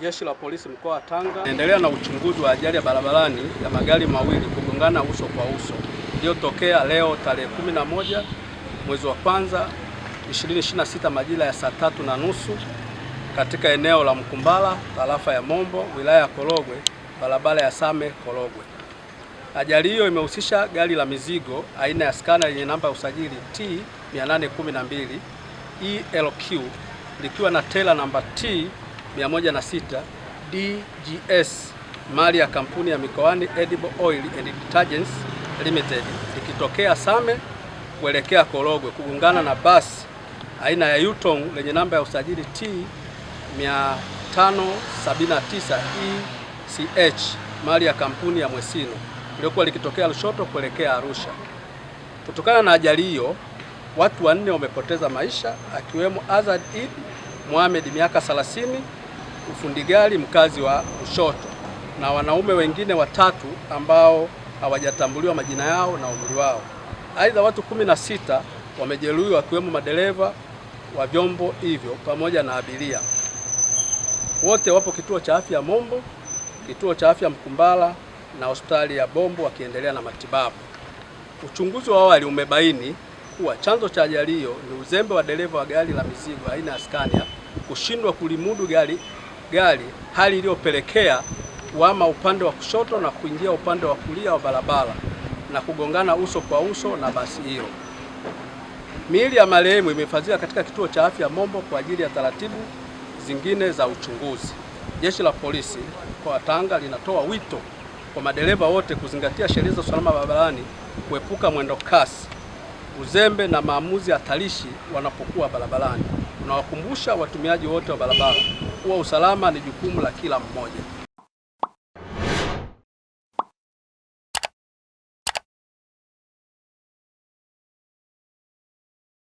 Jeshi la Polisi mkoa wa Tanga naendelea na uchunguzi wa ajali ya barabarani ya magari mawili kugongana uso kwa uso iliyotokea leo tarehe 11 mwezi wa kwanza 2026 majira ya saa tatu na nusu katika eneo la Mkumbala tarafa ya Mombo wilaya ya Korogwe barabara ya Same Korogwe. Ajali hiyo imehusisha gari la mizigo aina ya skana lenye namba ya usajili T 812 ELQ likiwa na tela namba T 106 DGS mali ya kampuni ya mikoani Edible Oil and Detergents Limited ikitokea Same kuelekea Korogwe kugongana na basi aina ya Yutong lenye namba ya usajili T 579 ECH mali ya kampuni ya Mwesino iliyokuwa likitokea Lushoto kuelekea Arusha. Kutokana na ajali hiyo, watu wanne wamepoteza maisha akiwemo Azad Eid Mohamed miaka 30 gari mkazi wa ushoto na wanaume wengine watatu ambao hawajatambuliwa majina yao na umri wao. Aidha, watu kumi na sita wamejeruhiwa wakiwemo madereva wa vyombo hivyo pamoja na abiria. Wote wapo kituo cha afya Mombo, kituo cha afya Mkumbala na hospitali ya Bombo wakiendelea na matibabu. Uchunguzi wa awali umebaini kuwa chanzo cha ajali hiyo ni uzembe wa dereva wa gari la mizigo aina ya Scania kushindwa kulimudu gari gari, hali iliyopelekea kuama upande wa kushoto na kuingia upande wa kulia wa barabara na kugongana uso kwa uso na basi hilo. Miili ya marehemu imehifadhiwa katika kituo cha afya Mombo kwa ajili ya taratibu zingine za uchunguzi. Jeshi la polisi mkoa wa Tanga linatoa wito kwa madereva wote kuzingatia sheria za usalama barabarani, kuepuka mwendo kasi, uzembe na maamuzi hatarishi wanapokuwa barabarani. Tunawakumbusha watumiaji wote wa barabara kuwa usalama ni jukumu la kila mmoja.